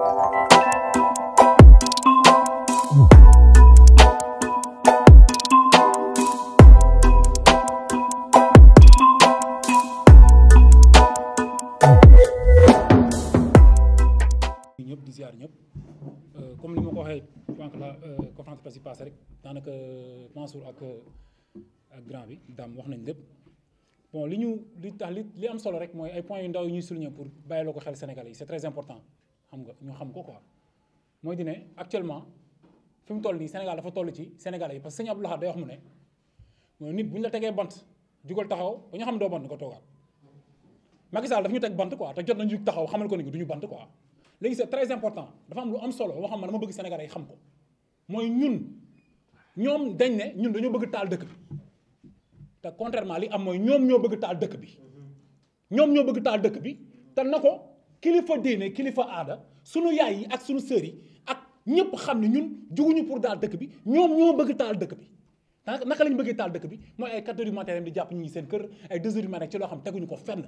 ñëpp di ziar ñëpp euh, comme li ma ko waxee sànq la euh, conférence presse yi rek daanaka euh, Mansour ak ak grand bi daam wax nañ lépp bon li ñu li tax li li am solo rek mooy ay points yu ndaw yu ñuy souligner pour bàyyi la ko xel Sénégalais yi c'est très important xam nga ñu xam ko quoi mooy di ne actuellement fi mu toll nii Sénégal dafa toll ci Sénégalais yi parce que sëñ Abdou Lahad day wax mu ne mooy nit bu ñu la tegee bant jugal taxaw ba ñu xam doo bant nga toogaat Macky Sall daf ñu teg bant quoi te jot nañu jug taxaw xamal ko ni du ñu bant quoi léegi c'est très important dafa am lu am solo boo xam ne dama bëgg Sénégalais yi xam ko mooy ñun ñoom dañ ne ñun dañoo bëgg taal dëkk bi te contrairement li am mooy ñoom ñoo bëgg taal dëkk bi ñoom ñoo bëgg taal dëkk bi te na ko kilifa diine kilifa aada sunu yaay yi ak sunu sœur yi ak ñëpp xam ni ñun juguñu pour daal dëkk bi ñoom ñoo bëgg taal dëkk bi naka lañ bëggee taal dëkk bi mooy ay 4 heures di jàpp ñu seen kër ay 2 heures ci loo xam teguñu ko fenn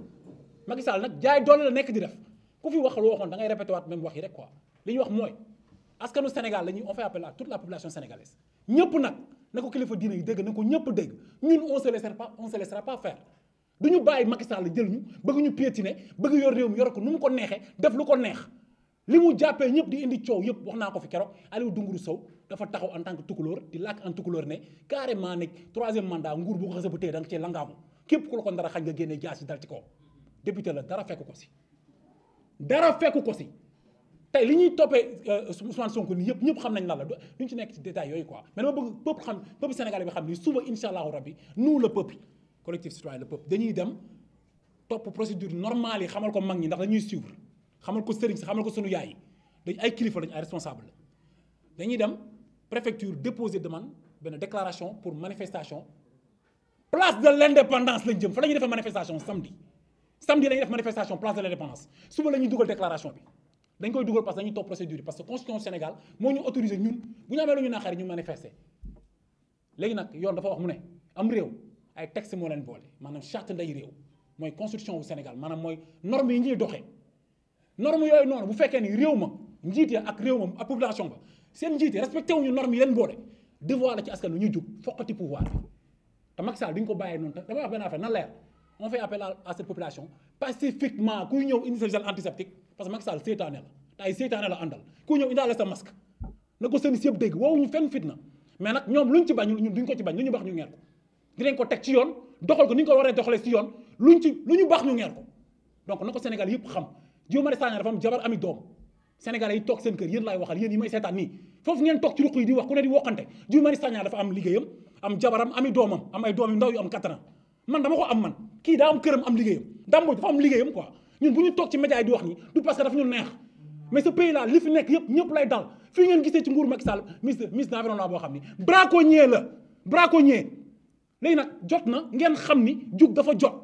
Macky Sall nag jaay doole la nekk di def ku fi wax loo waxoon da ngay répété waat même wax yi rek ko li ñuy wax mooy askanu Sénégal la ñuy on fait appel à toute la population sénégalaise ñëpp nag na ko kilifa diine yi dégg na ko ñëpp dégg ñun on se se laissera pas ñu bàyyi Macky Sall jël ñu bëgg ñu piétiner bëgg yor réew yor ko nu mu ko neexee def lu ko neex li mu jàppee ñëpp di indi coow yëpp wax naa ko fi keroog Aliou Dunguru Sow dafa taxaw en tant que tukulóor di làkk en tukulóor ne carrément ne troisième mandat nguur bu ko xasee bu tey da nga langaamu képp ku la ko ndara xañ nga génnee jaas yi dal ci kaw député la dara fekk ko si. dara fekk ko si tey li ñuy toppee euh, Ousmane Sonko nii yëpp ñëpp xam nañ lan la duñ ci nekk ci détail yooyu quoi mais dama bëgg peuple xam peuple sénégalais bi xam ni suba incha allahu yi xamal ko mag ñi ndax dañuy suivre. xamal ko sëriñ si xamal ko sunu yaay dañ ay kilifa lañ ay responsable la dañuy dem préfecture déposer demande benn déclaration pour manifestation place de l' indépendance lañ jëm fa la ñuy defee manifestation samedi samedi la ñuy def manifestation place de l' indépendance suba la ñuy dugal déclaration bi dañ koy dugal parce que dañuy topp procédure yi parce que constitution Sénégal moo ñu autorisé ñun bu ñu amee lu ñu naaxaar ñu manifester léegi nag yoon dafa wax mu ne am réew ay texte moo leen boole maanaam charte nday réew mooy constitution wu Sénégal maanaam mooy norme yi ñuy doxee norme yooyu noonu bu fekkee ni réew ma njiit ya ak réew ma ak population ba seen njiit ya respecté wuñu norme yi leen boole devoir la ci askan wi ñu jug foqati pouvoir bi te Macky Sall duñ ko bàyyee noonu dama wax benn affaire na leer on fait appel à cette population pacifiquement kuy ñëw indi sa gel antiseptique parce que Macky Sall seytaane la te ay seytaane la àndal kuy ñëw indaale sa masque na ko seen yëpp dégg woowuñu fenn fitna mais nag ñoom luñ ci bañ ñun ko ci bañ lu ñu baax ñu ngeer ko dinañ ko teg ci yoon doxal ko ni ñu ko waree yoon luñ ci lu ñu baax ñu ngeer ko donc na ko Sénégal yëpp xam Guy Marius Sagna dafa am jabar ami doom sénégalais yi toog seen kër yéen laay waxal yéen yi may seetaan nii foofu ngeen toog ci ruq yi di wax ku ne di woqante Guy Marius dafa am liggéeyam am jabaram ami doomam am ay doom yu ndaw yu am kattan man dama ko am man kii daa am këram am liggéeyam Dame Mbodj dafa am liggéeyam quoi ñun bu ñu toog ci média yi di wax ni du parce que dafa ñu neex mais ce pays là li fi nekk yëpp ñëpp lay dal fii ngeen gisee ci nguur Macky Sall xam ni braconnier la braconnier léegi nag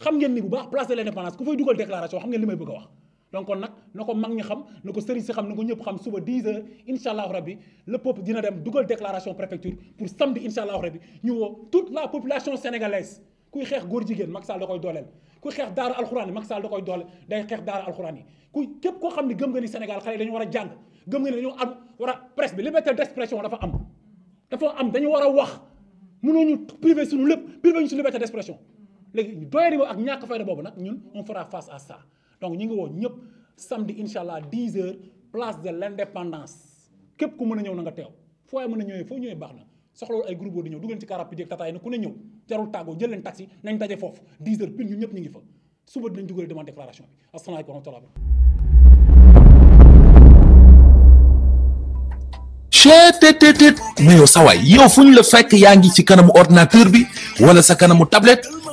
xam ngeen ni bu baax place de l'indépendance ku fay dugal déclaration xam ngeen li may bëgg a wax donc kon nag na ko mag ñi xam na ko sëriñ si xam na ko ñëpp xam suba 10 heures incha allahu rabbi le peuple dina dem dugal déclaration préfecture pour samedi incha allahu rabbi ñu woo toute la population sénégalaise kuy xeex góor jigéen Macky Sall da koy dooleel kuy xeex daara alxuraan yi Macky da koy dooleel day xeex daara alxuraan yi kuy képp koo xam ne gëm nga ni Sénégal xale yi dañu war a jàng nga ni dañu am war a presse bi liberté am dañu war a wax mënoo ñu privé lépp léegi doyari boobu ak ñàkk fayda boobu nag ñun on fera face à ça donc ñu ngi woo ñëpp samedi incha allah 10 heures place de l'indépendance képp ku mën a ñëw na nga teew foo mën a ñëwee foo ñëwee baax na soxlawul ay groupe di ñëw duggal ci car rapide ak tataay na ku ne ñëw jarul tàggoo jël leen taxi nañ daje foofu 10 heures pile ñun ñëpp ñu ngi fa suba dinañ dugal demande déclaration bi asalaamaaleykum wa rahmatulah cheetetetet mais yow sawaay yow fu ñu la fekk yaa ngi ci kanamu ordinateur bi wala sa kanamu tablette